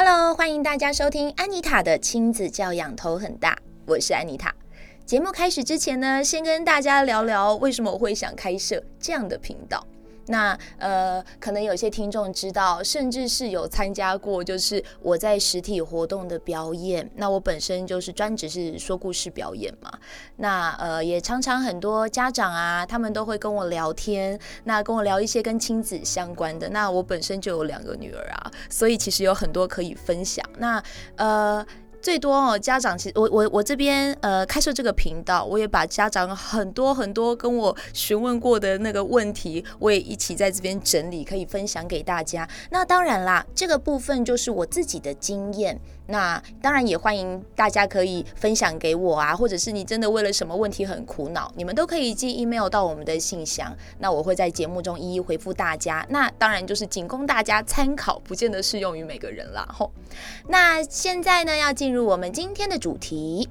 Hello，歡迎大家收聽安妮塔的親子教養頭很大，我是安妮塔。節目開始之前呢，先跟大家聊聊為什麼我會想開設這樣的頻道。那呃，可能有些聽眾知道，甚至是有參加過，就是我在實體活動的表演。那我本身就是專職是說故事表演嘛。那呃，也常常很多家長啊，他們都會跟我聊天，那跟我聊一些跟親子相關的。那我本身就有兩個女兒啊，所以其實有很多可以分享。那呃。最多哦，家長，其實我我我這邊呃，開設這個頻道，我也把家長很多很多跟我詢問過的那個問題，我也一起在這邊整理，可以分享給大家。那當然啦，這個部分就是我自己的經驗。那當然也歡迎大家可以分享給我啊，或者是你真的為了什麼問題很苦惱，你們都可以寄 email 到我們的信箱，那我會在節目中一一回覆大家。那當然就是僅供大家參考，不見得適用於每個人啦。吼！那現在呢，要進入我們今天的主題：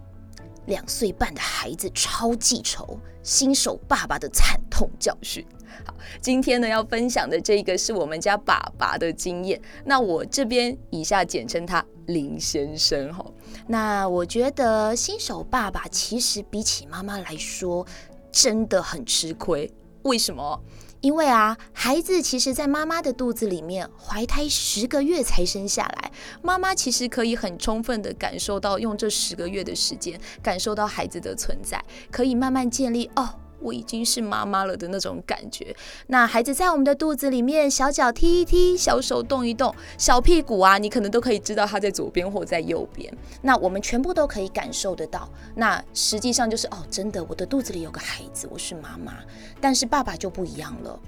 兩歲半的孩子超記仇，新手爸爸的慘痛教訓。好，今天呢，要分享的這個是我們家爸爸的經驗。那我這邊以下簡稱他林先生吼，那我覺得新手爸爸其實比起媽媽來說真的很吃虧。為什麼？因為啊，孩子其實，在媽媽的肚子裡面懷胎十個月才生下來，媽媽其實可以很充分的感受到，用這十個月的時間感受到孩子的存在，可以慢慢建立哦。我已經是媽媽了的那種感覺，那孩子在我們的肚子裡面，小腳踢一踢，小手動一動，小屁股啊，你可能都可以知道他在左邊或在右邊。那我們全部都可以感受得到。那實際上就是哦，真的，我的肚子裡有個孩子，我是媽媽。但是爸爸就不一樣了。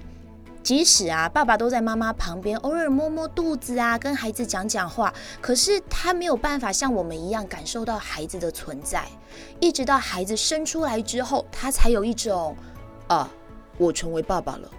即使啊，爸爸都在媽媽旁邊，偶爾摸摸肚子啊，跟孩子講講話，可是他沒有辦法像我們一樣感受到孩子的存在。一直到孩子生出來之後，他才有一種啊，我成為爸爸了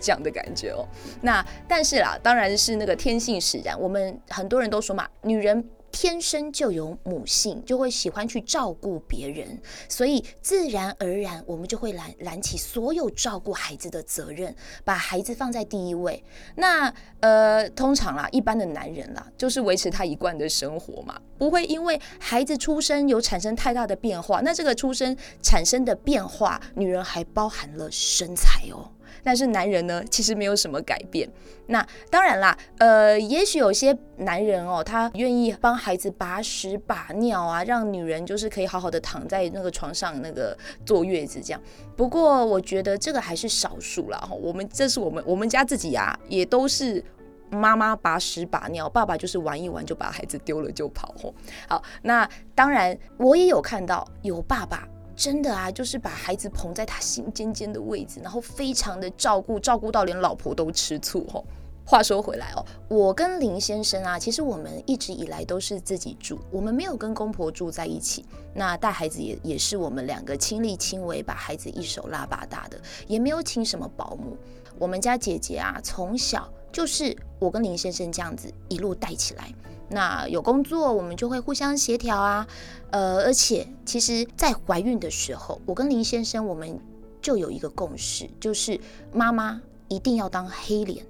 這樣的感覺哦。那但是啦，當然是那個天性使然。我們很多人都說嘛，女人。天生就有母性，就會喜歡去照顧別人，所以自然而然我們就會攬攬起所有照顧孩子的責任，把孩子放在第一位。那呃，通常啦，一般的男人啦，就是維持他一貫的生活嘛，不會因為孩子出生有產生太大的變化。那這個出生產生的變化，女人還包含了身材哦、喔。但是男人呢，其實沒有什麼改變。那當然啦，呃，也許有些男人哦，他願意幫孩子把屎把尿啊，讓女人就是可以好好的躺在那個床上那個坐月子這樣。不過我覺得這個還是少數啦。哈。我們這是我們我們家自己呀、啊，也都是媽媽把屎把尿，爸爸就是玩一玩就把孩子丟了就跑。好，那當然我也有看到有爸爸。真的啊，就是把孩子捧在他心尖尖的位置，然後非常的照顧，照顧到連老婆都吃醋哈、哦。話說回來哦，我跟林先生啊，其實我們一直以來都是自己住，我們沒有跟公婆住在一起。那帶孩子也也是我們兩個親力親為，把孩子一手拉拔大的，也沒有請什麼保姆。我們家姐姐啊，從小就是我跟林先生這樣子一路帶起來。那有工作，我們就會互相協調啊。呃，而且其實，在懷孕的時候，我跟林先生，我們就有一個共識，就是媽媽一定要當黑臉，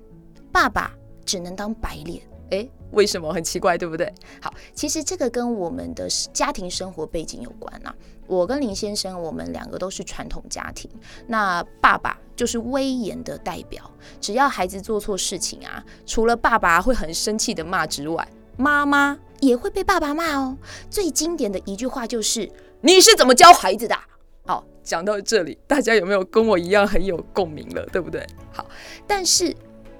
爸爸只能當白臉。誒，為什麼很奇怪，對不對？好，其實這個跟我們的家庭生活背景有關吶。我跟林先生，我們兩個都是傳統家庭，那爸爸就是威嚴的代表，只要孩子做錯事情啊，除了爸爸會很生氣的罵之外，媽媽也會被爸爸罵哦。最經典的一句話就是：“你是怎麼教孩子的？”好，講到這裡，大家有沒有跟我一樣很有共鳴了，對不對？好，但是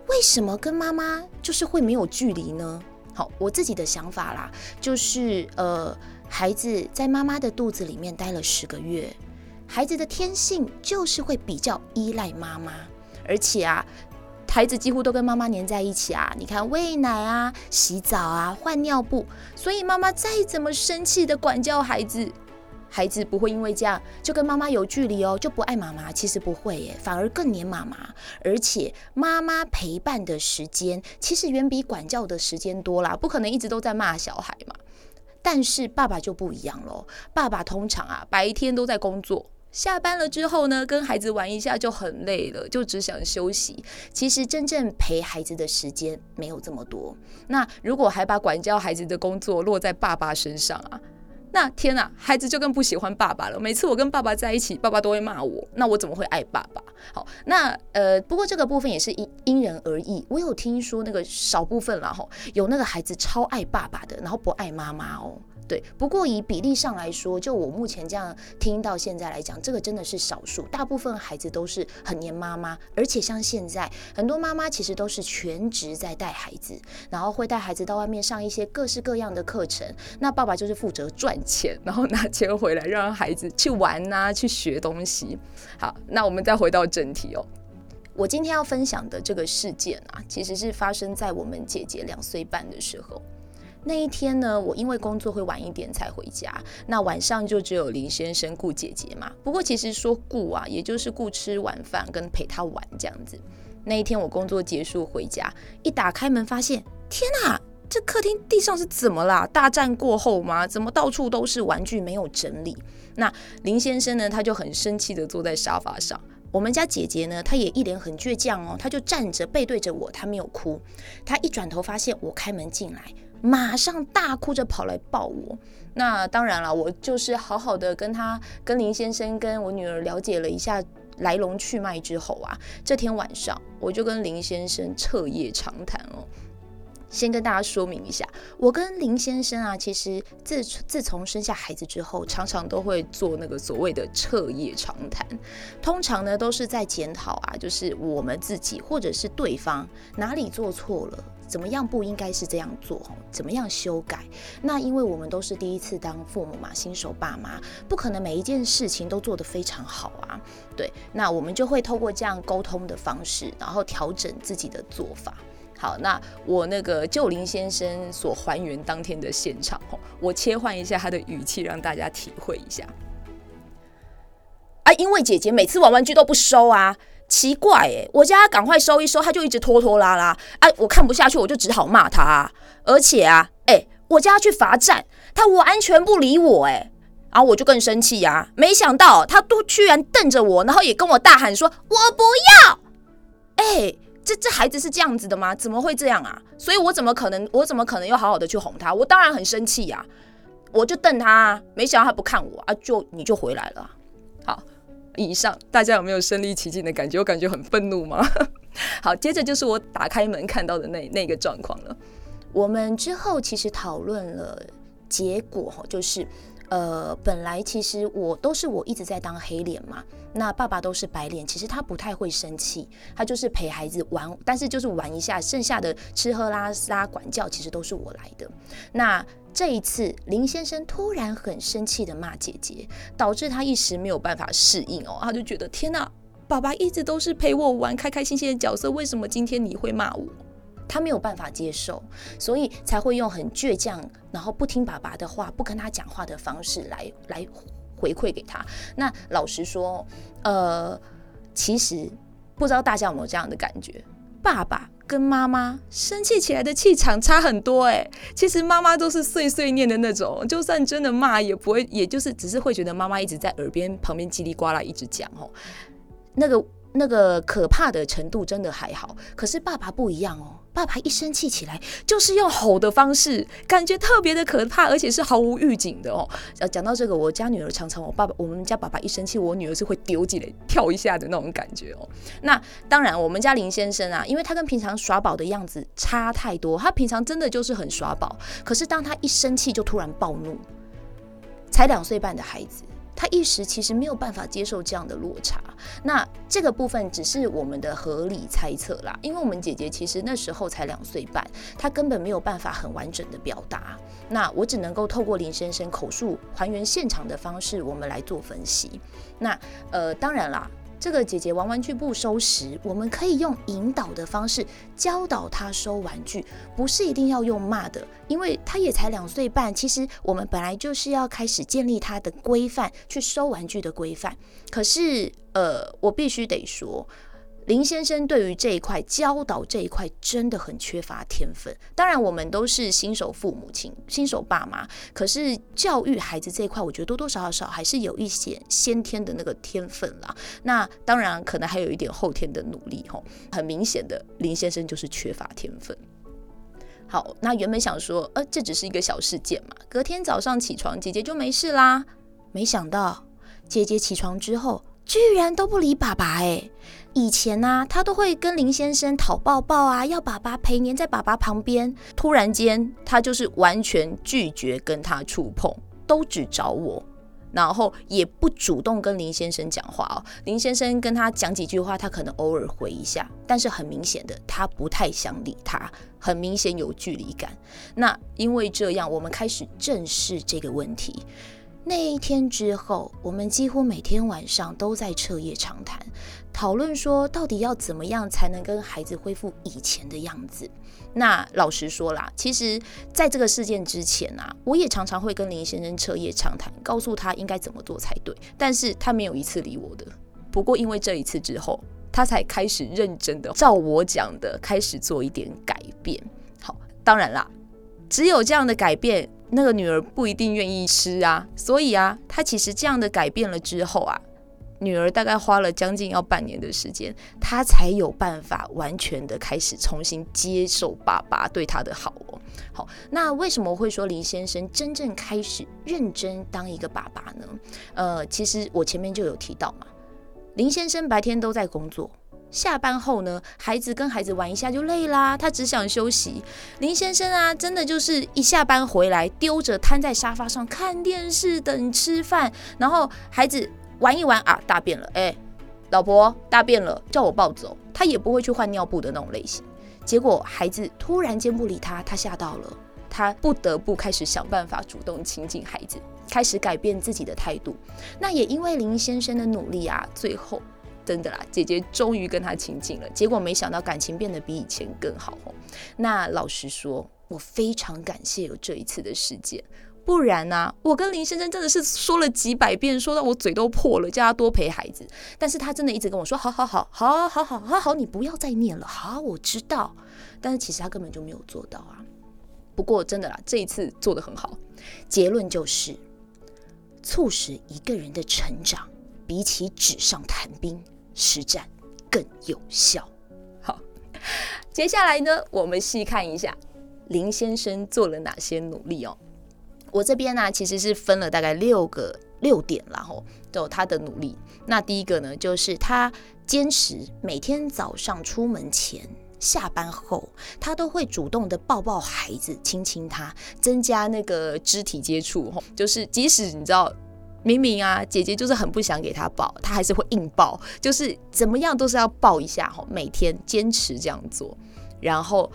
為什麼跟媽媽就是會沒有距離呢？好，我自己的想法啦，就是呃，孩子在媽媽的肚子裡面待了十個月，孩子的天性就是會比較依賴媽媽，而且啊。孩子幾乎都跟媽媽黏在一起啊！你看餵奶啊、洗澡啊、換尿布，所以媽媽再怎麼生氣的管教孩子，孩子不會因為這樣就跟媽媽有距離哦、喔，就不愛媽媽。其實不會耶、欸，反而更黏媽媽。而且媽媽陪伴的時間其實遠比管教的時間多啦，不可能一直都在罵小孩嘛。但是爸爸就不一樣嘍，爸爸通常啊白天都在工作。下班了之後呢，跟孩子玩一下就很累了，就只想休息。其實真正陪孩子的時間沒有這麼多。那如果還把管教孩子的工作落在爸爸身上啊？那天吶、啊，孩子就更不喜歡爸爸了。每次我跟爸爸在一起，爸爸都會罵我。那我怎麼會愛爸爸？好，那呃，不過這個部分也是因，因人而異。我有聽說那個少部分啦，吼，有那個孩子超愛爸爸的，然後不愛媽媽哦。對，不過以比例上來說，就我目前這樣聽到現在來講，這個真的是少數。大部分孩子都是很黏媽媽，而且像現在很多媽媽其實都是全職在帶孩子，然後會帶孩子到外面上一些各式各樣的課程。那爸爸就是負責賺。錢，然後拿錢回來，讓孩子去玩啊，去學東西。好，那我們再回到正題哦。我今天要分享的這個事件啊，其實是發生在我們姐姐兩歲半的時候。那一天呢，我因為工作會晚一點才回家，那晚上就只有林先生顧姐姐嘛。不過其實說顧啊，也就是顧吃晚飯跟陪她玩這樣子。那一天我工作結束回家，一打開門發現，天吶。這客廳地上是怎麼啦？大戰過後嗎？怎麼到處都是玩具沒有整理？那林先生呢？他就很生氣地坐在沙發上。我們家姐姐呢？她也一臉很倔強哦，她就站着背對着我，她沒有哭。她一轉頭發現我開門進來，馬上大哭着跑來抱我。那當然了，我就是好好的跟他、跟林先生、跟我女兒了解了一下來龍去脈之後啊，這天晚上我就跟林先生徹夜長談哦。先跟大家說明一下，我跟林先生啊，其實自自從生下孩子之後，常常都會做那個所謂的徹夜長談，通常呢都是在檢討啊，就是我們自己或者是對方哪裡做錯了，怎麼樣不應該是這樣做，怎麼樣修改。那因為我們都是第一次當父母嘛，新手爸媽，不可能每一件事情都做得非常好啊。對，那我們就會透過這樣溝通的方式，然後調整自己的做法。好，那我那個舊林先生所還原當天的現場，我切換一下他的語氣，讓大家體會一下。啊，因為姐姐每次玩玩具都不收啊，奇怪哎、欸，我叫她趕快收一收，她就一直拖拖拉拉。哎、啊，我看不下去，我就只好罵她、啊。而且啊，哎、欸，我叫她去罰站，她完全不理我哎、欸，然、啊、後我就更生氣呀、啊。沒想到她都居然瞪着我，然後也跟我大喊說：“我不要！”哎、欸。這這孩子是這樣子的嗎？怎麼會這樣啊？所以我怎麼可能，我怎麼可能要好好的去哄他？我當然很生氣呀、啊，我就瞪他、啊，沒想到他不看我啊就，就你就回來了。好，以上大家有沒有身臨其境的感覺？我感覺很憤怒嗎？ 好，接着就是我打開門看到的那那個狀況了。我們之後其實討論了結果，就是。呃，本來其實我都是我一直在當黑臉嘛，那爸爸都是白臉。其實他不太會生氣，他就是陪孩子玩，但是就是玩一下，剩下的吃喝拉撒管教，其實都是我來的。那這一次林先生突然很生氣的罵姐姐，導致他一時沒有辦法適應哦，他就覺得天哪，爸爸一直都是陪我玩開開心心的角色，為什麼今天你會罵我？他沒有辦法接受，所以才會用很倔強，然後不聽爸爸的話，不跟他講話的方式來來回饋給他。那老實說，呃，其實不知道大家有沒有這樣的感覺，爸爸跟媽媽生氣起來的氣場差很多欸。哎，其實媽媽都是碎碎念的那種，就算真的罵也不會，也就是只是會覺得媽媽一直在耳邊旁邊嘰里呱啦一直講哦。那個那個可怕的程度真的還好，可是爸爸不一樣哦。爸爸一生氣起來，就是用吼的方式，感覺特別的可怕，而且是毫無預警的哦。講到這個，我家女兒常常我爸爸，我們家爸爸一生氣，我女兒是會丟起來跳一下的那種感覺哦。那當然，我們家林先生啊，因為他跟平常耍寶的樣子差太多，他平常真的就是很耍寶，可是當他一生氣就突然暴怒，才兩歲半的孩子。他一時其實沒有辦法接受這樣的落差，那這個部分只是我們的合理猜測啦，因為我們姐姐其實那時候才兩歲半，她根本沒有辦法很完整的表達，那我只能夠透過林先生口述還原現場的方式，我們來做分析，那呃，當然啦。這個姐姐玩玩具不收拾，我們可以用引導的方式教導她收玩具，不是一定要用罵的，因為她也才兩歲半。其實我們本來就是要開始建立她的規範，去收玩具的規範。可是，呃，我必須得說。林先生對於這一塊教導這一塊真的很缺乏天分。當然，我們都是新手父母親、新手爸媽，可是教育孩子這一塊，我覺得多多少少少還是有一些先天的那個天分啦。那當然，可能還有一點後天的努力。吼，很明顯的，林先生就是缺乏天分。好，那原本想說，呃，這只是一個小事件嘛。隔天早上起床，姐姐就沒事啦。沒想到，姐姐起床之後，居然都不理爸爸哎、欸。以前啊，他都會跟林先生討抱抱啊，要爸爸陪，黏在爸爸旁邊。突然間，他就是完全拒絕跟他觸碰，都只找我，然後也不主動跟林先生講話哦，林先生跟他講幾句話，他可能偶爾回一下，但是很明顯的，他不太想理他，很明顯有距離感。那因為這樣，我們開始正視這個問題。那一天之後，我們幾乎每天晚上都在徹夜長談，討論說到底要怎麼樣才能跟孩子恢復以前的樣子。那老實說啦，其實在這個事件之前啊，我也常常會跟林先生徹夜長談，告訴他應該怎麼做才對。但是他沒有一次理我的。不過因為這一次之後，他才開始認真的照我講的開始做一點改變。好，當然啦，只有這樣的改變。那個女兒不一定願意吃啊，所以啊，她，其實這樣的改變了之後啊，女兒大概花了將近要半年的時間，她才有辦法完全的開始重新接受爸爸對她的好哦。好，那為什麼會說林先生真正開始認真當一個爸爸呢？呃，其實我前面就有提到嘛，林先生白天都在工作。下班後呢，孩子跟孩子玩一下就累啦，啊，他只想休息。林先生啊，真的就是一下班回來，丟着癱在沙發上看電視，等吃飯，然後孩子玩一玩啊，大便了，哎、欸，老婆大便了，叫我抱走，他也不會去換尿布的那種類型。結果孩子突然間不理他，他嚇到了，他不得不開始想辦法主動親近孩子，開始改變自己的態度。那也因為林先生的努力啊，最後。真的啦，姐姐終於跟他親近了，結果沒想到感情變得比以前更好哦。那老實說，我非常感謝有這一次的事件，不然呢、啊，我跟林先生真的是說了幾百遍，說到我嘴都破了，叫他多陪孩子，但是他真的一直跟我說，好好好好好好好好好，你不要再念了，好，我知道。但是其實他根本就沒有做到啊。不過真的啦，這一次做得很好，結論就是，促使一個人的成長，比起紙上談兵。實戰更有效。好，接下來呢，我們細看一下林先生做了哪些努力哦。我這邊呢、啊，其實是分了大概六個六點，然後都有他的努力。那第一個呢，就是他堅持每天早上出門前、下班後，他都會主動的抱抱孩子、親親他，增加那個肢體接觸。吼，就是即使你知道。明明啊，姐姐就是很不想給他抱，他還是會硬抱，就是怎麼樣都是要抱一下齁，每天堅持這樣做，然後。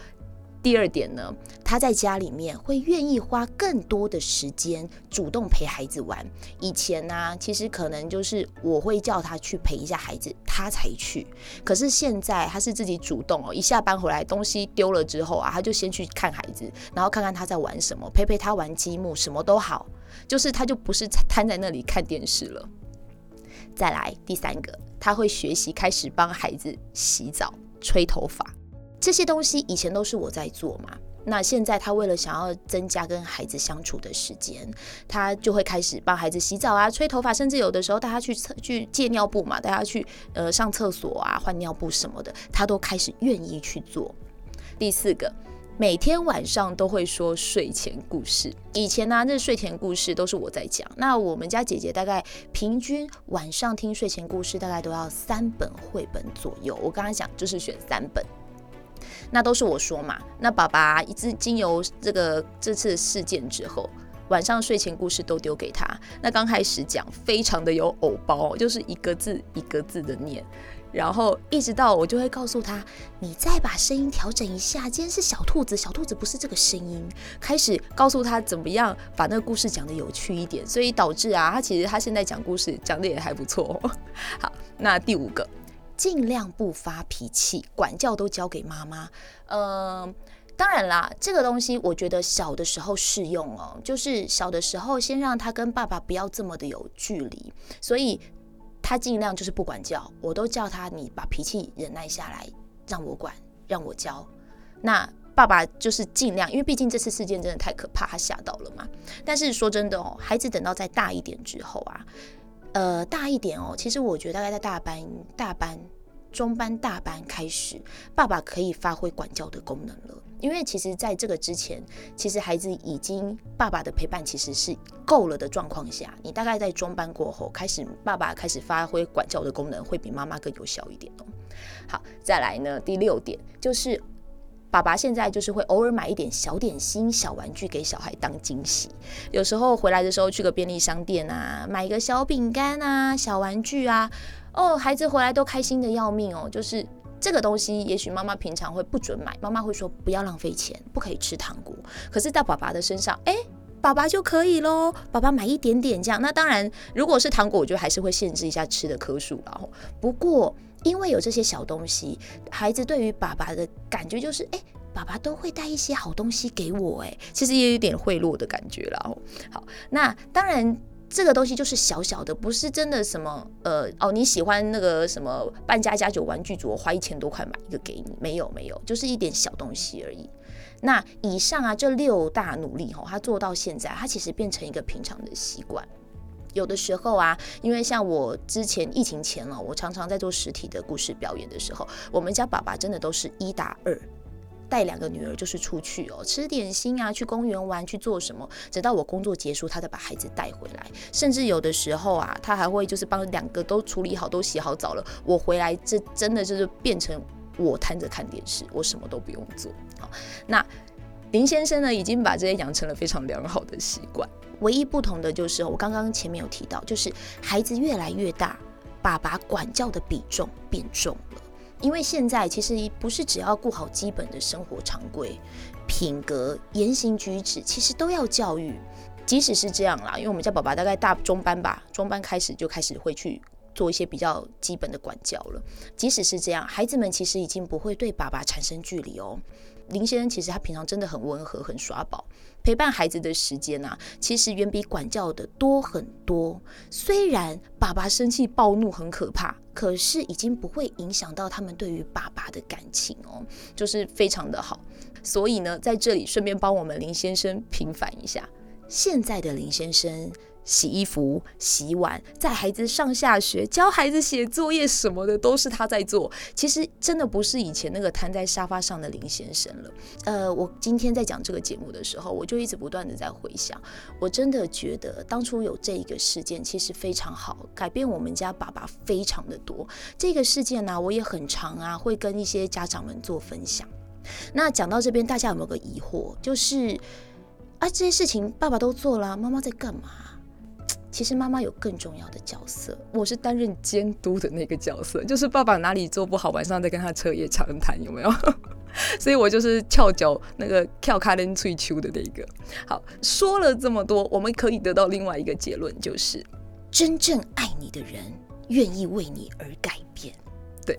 第二點呢，他在家裡面會願意花更多的時間主動陪孩子玩。以前呢、啊，其實可能就是我會叫他去陪一下孩子，他才去。可是現在他是自己主動哦，一下班回來東西丟了之後啊，他就先去看孩子，然後看看他在玩什麼，陪陪他玩積木，什麼都好。就是他就不是癱在那裡看電視了。再來第三個，他會學習開始幫孩子洗澡、吹頭髮。這些東西以前都是我在做嘛，那現在他為了想要增加跟孩子相處的時間，他就會開始幫孩子洗澡啊、吹頭髮，甚至有的時候帶他去廁去戒尿布嘛，帶他去呃上廁所啊、換尿布什麼的，他都開始願意去做。第四個，每天晚上都會說睡前故事。以前呢、啊，那個、睡前故事都是我在講。那我們家姐姐大概平均晚上聽睡前故事，大概都要三本繪本左右。我剛剛講就是選三本。那都是我說嘛。那爸爸一直經由這個這次事件之後，晚上睡前故事都丟給他。那剛開始講非常的有偶包，就是一個字一個字的念，然後一直到我就會告訴他，你再把聲音調整一下，今天是小兔子，小兔子不是這個聲音。開始告訴他怎麼樣把那個故事講得有趣一點，所以導致啊，他其實他現在講故事講得也還不錯喔。好，那第五個。盡量不發脾氣，管教都交給媽媽。嗯、呃，當然啦，這個東西我覺得小的時候適用哦、喔，就是小的時候先讓他跟爸爸不要這麼的有距離，所以他盡量就是不管教，我都叫他你把脾氣忍耐下來，讓我管，讓我教。那爸爸就是盡量，因為畢竟這次事件真的太可怕，他嚇到了嘛。但是說真的哦、喔，孩子等到再大一點之後啊。呃，大一點哦。其實我覺得大概在大班、大班、中班、大班開始，爸爸可以發揮管教的功能了。因為其實，在這個之前，其實孩子已經爸爸的陪伴其實是夠了的狀況下，你大概在中班過後開始，爸爸開始發揮管教的功能，會比媽媽更有效一點哦。好，再來呢，第六點就是。爸爸現在就是會偶爾買一點小點心、小玩具給小孩當驚喜。有時候回來的時候去個便利商店啊，買一個小餅乾啊、小玩具啊，哦，孩子回來都開心的要命哦。就是這個東西，也許媽媽平常會不准買，媽媽會說不要浪費錢，不可以吃糖果。可是到爸爸的身上，哎、欸，爸爸就可以咯。爸爸買一點點這樣，那當然，如果是糖果，我覺得還是會限制一下吃的顆數。然後，不過，因為有這些小東西，孩子對於爸爸的感覺就是，哎、欸，爸爸都會帶一些好東西給我、欸，哎，其實也有點賄賂的感覺啦。好，那當然這個東西就是小小的，不是真的什麼，呃，哦，你喜歡那個什麼扮家家酒玩具組，我花一千多塊買一個給你，沒有沒有，就是一點小東西而已。那以上啊這六大努力、哦，吼，他做到現在，他其實變成一個平常的習慣。有的時候啊，因為像我之前疫情前了、喔，我常常在做實體的故事表演的時候，我們家爸爸真的都是一打二，帶兩個女兒就是出去哦、喔，吃點心啊，去公園玩，去做什麼，直到我工作結束，他才把孩子帶回來。甚至有的時候啊，他還會就是幫兩個都處理好，都洗好澡了，我回來這真的就是變成我攤着看電視，我什麼都不用做。好，那林先生呢，已經把這些養成了非常良好的習慣。唯一不同的就是，我剛剛前面有提到，就是孩子越來越大，爸爸管教的比重變重了。因為現在其實不是只要顧好基本的生活常規、品格、言行舉止，其實都要教育。即使是這樣啦，因為我們家寶寶大概大中班吧，中班開始就開始會去做一些比較基本的管教了。即使是這樣，孩子們其實已經不會對爸爸產生距離哦。林先生其實他平常真的很溫和，很耍寶。陪伴孩子的時間吶啊，其實遠比管教的多很多。雖然爸爸生氣暴怒很可怕，可是已經不會影響到他們對於爸爸的感情哦，就是非常的好。所以呢，在這裡順便幫我們林先生平反一下，現在的林先生，洗衣服、洗碗、帶孩子上下學、教孩子寫作業什麼的，都是他在做。其實真的不是以前那個癱在沙發上的林先生了。呃，我今天在講這個節目的時候，我就一直不斷的在回想。我真的覺得當初有這一個事件，其實非常好，改變我們家爸爸非常的多。這個事件呢、啊，我也很常啊，會跟一些家長們做分享。那講到這邊，大家有沒有個疑惑？就是，啊，這些事情爸爸都做了，媽媽在幹嘛？其實媽媽有更重要的角色，我是擔任監督的那個角色，就是爸爸哪裡做不好，晚上再跟他徹夜長談，有沒有？ 所以我就是翹腳那個跳卡丁翠秋的那個。好，說了這麼多，我們可以得到另外一個結論，就是真正愛你的人願意為你而改變。對，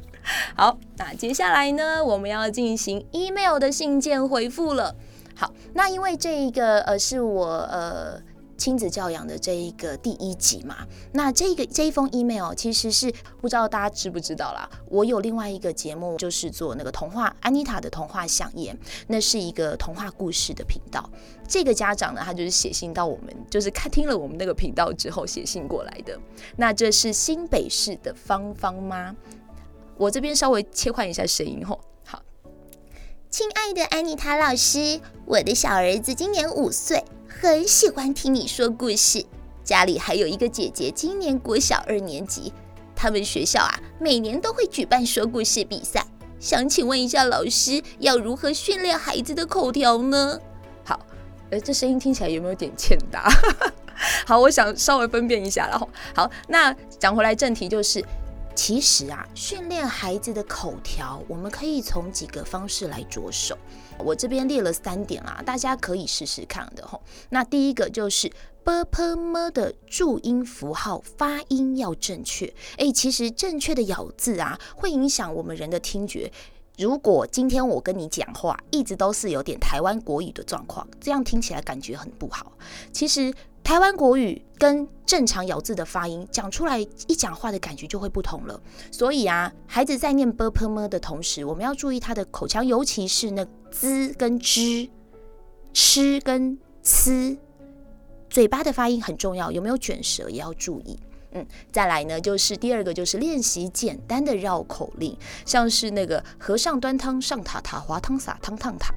好，那接下來呢，我們要進行 email 的信件回復了。好，那因為這一個呃，是我呃。親子教養的這一個第一集嘛，那這個這一封 email 其實是不知道大家知不知道啦。我有另外一個節目，就是做那個童話安妮塔的童話饗宴，那是一個童話故事的頻道。這個家長呢，他就是寫信到我們，就是看聽了我們那個頻道之後寫信過來的。那這是新北市的芳芳媽，我這邊稍微切換一下聲音哦。好，親愛的安妮塔老師，我的小兒子今年五歲。很喜歡聽你說故事，家裡還有一個姐姐，今年國小二年級。他們學校啊，每年都會舉辦說故事比賽。想請問一下老師，要如何訓練孩子的口條呢？好，哎、呃，這聲音聽起來有沒有點欠打？ 好，我想稍微分辨一下，然後好，那講回來正題就是。其實啊，訓練孩子的口條，我們可以從幾個方式來着手。我這邊列了三點啊，大家可以試試看的。那第一個就是“啵啵麼”的注音符號發音要正確。誒，其實正確的咬字啊，會影響我們人的聽覺。如果今天我跟你講話，一直都是有點台灣國語的狀況，這樣聽起來感覺很不好。其實。臺灣國語跟正常咬字的發音講出來，一講話的感覺就會不同了。所以啊，孩子在念 “b p m”、um、的同時，我們要注意他的口腔，尤其是那 “z” 跟 “zh”，“ch” 跟 “c”，嘴巴的發音很重要。有沒有捲舌也要注意。嗯，再來呢，就是第二個，就是練習簡單的繞口令，像是那個和尚端湯上塔，塔滑湯灑，湯燙塔。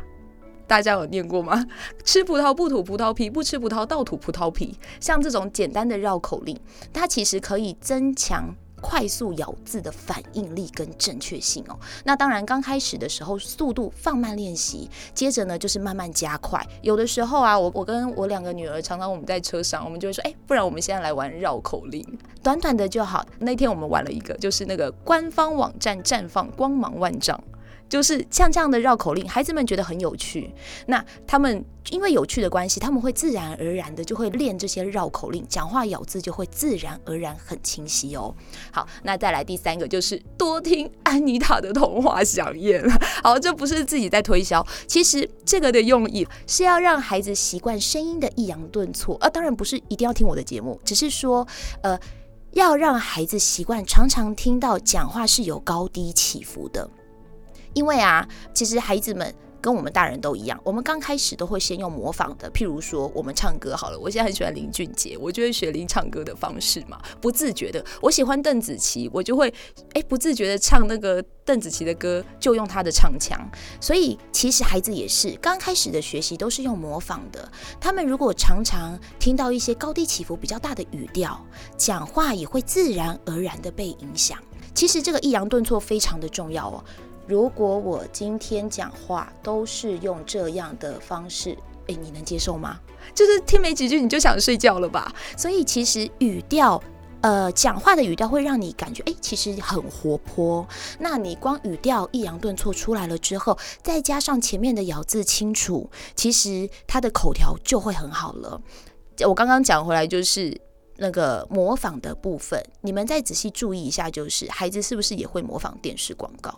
大家有念過嗎？吃葡萄不吐葡萄皮，不吃葡萄倒吐葡萄皮。像這種簡單的繞口令，它其實可以增強快速咬字的反應力跟正確性哦。那當然，剛開始的時候速度放慢練習，接着呢就是慢慢加快。有的時候啊，我我跟我兩個女兒常常我們在車上，我們就會說，誒，不然我們現在來玩繞口令，短短的就好。那天我們玩了一個，就是那個官方網站綻放光芒萬丈。就是像這樣的繞口令，孩子們覺得很有趣。那他們因為有趣的關係，他們會自然而然的就會練這些繞口令，講話咬字就會自然而然很清晰哦。好，那再來第三個就是多聽安妮塔的童話饗宴了。好，這不是自己在推銷，其實這個的用意是要讓孩子習慣聲音的抑揚頓挫。啊、呃。當然不是一定要聽我的節目，只是說呃要讓孩子習慣常常聽到講話是有高低起伏的。因為啊，其實孩子們跟我們大人都一樣，我們剛開始都會先用模仿的。譬如說，我們唱歌好了，我現在很喜歡林俊傑，我就會學林唱歌的方式嘛，不自覺的。我喜歡鄧紫棋，我就會哎不自覺的唱那個鄧紫棋的歌，就用她的唱腔。所以其實孩子也是剛開始的學習都是用模仿的。他們如果常常聽到一些高低起伏比較大的語調講話，也會自然而然的被影響。其實這個抑揚頓挫非常的重要哦。如果我今天講話都是用這樣的方式，誒、欸，你能接受嗎？就是聽沒幾句你就想睡覺了吧？所以其實語調，呃，講話的語調會讓你感覺，哎、欸，其實很活潑。那你光語調抑揚頓挫出來了之後，再加上前面的咬字清楚，其實他的口條就會很好了。我剛剛講回來就是那個模仿的部分，你們再仔細注意一下，就是孩子是不是也會模仿電視廣告？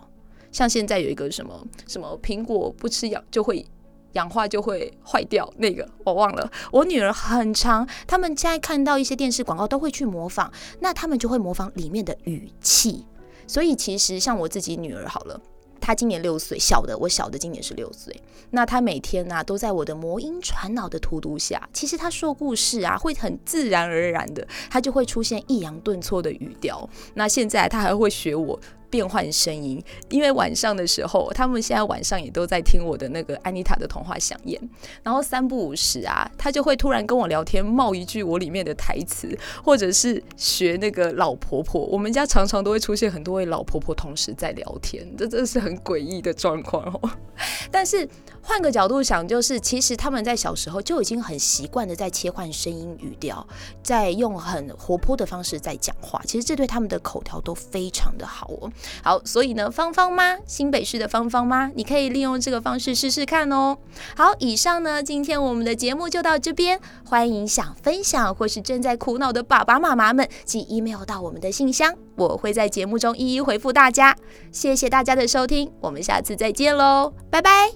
像現在有一個什麼什麼蘋果不吃氧就會氧化就會壞掉那個我忘了。我女兒很常，他們現在看到一些電視廣告都會去模仿，那他們就會模仿裡面的語氣。所以其實像我自己女兒好了，她今年六歲，小的我小的今年是六歲。那她每天呢、啊、都在我的魔音傳腦的荼毒下，其實她說故事啊會很自然而然的，她就會出現抑揚頓挫的語調。那現在她還會學我。變換聲音，因為晚上的時候，他們現在晚上也都在聽我的那個安妮塔的童話饗宴。然後三不五時啊，他就會突然跟我聊天，冒一句我裡面的台詞，或者是學那個老婆婆。我們家常常都會出現很多位老婆婆同時在聊天，這真的是很詭異的狀況哦。但是。換個角度想，就是其實他們在小時候就已經很習慣的在切換聲音語調，在用很活潑的方式在講話。其實這對他們的口條都非常的好哦。好，所以呢，芳芳媽，新北市的芳芳媽，你可以利用這個方式試試看哦。好，以上呢，今天我們的節目就到這邊。歡迎想分享或是正在苦惱的爸爸媽媽們，寄 email 到我們的信箱，我會在節目中一一回復大家。謝謝大家的收聽，我們下次再見嘍，拜拜。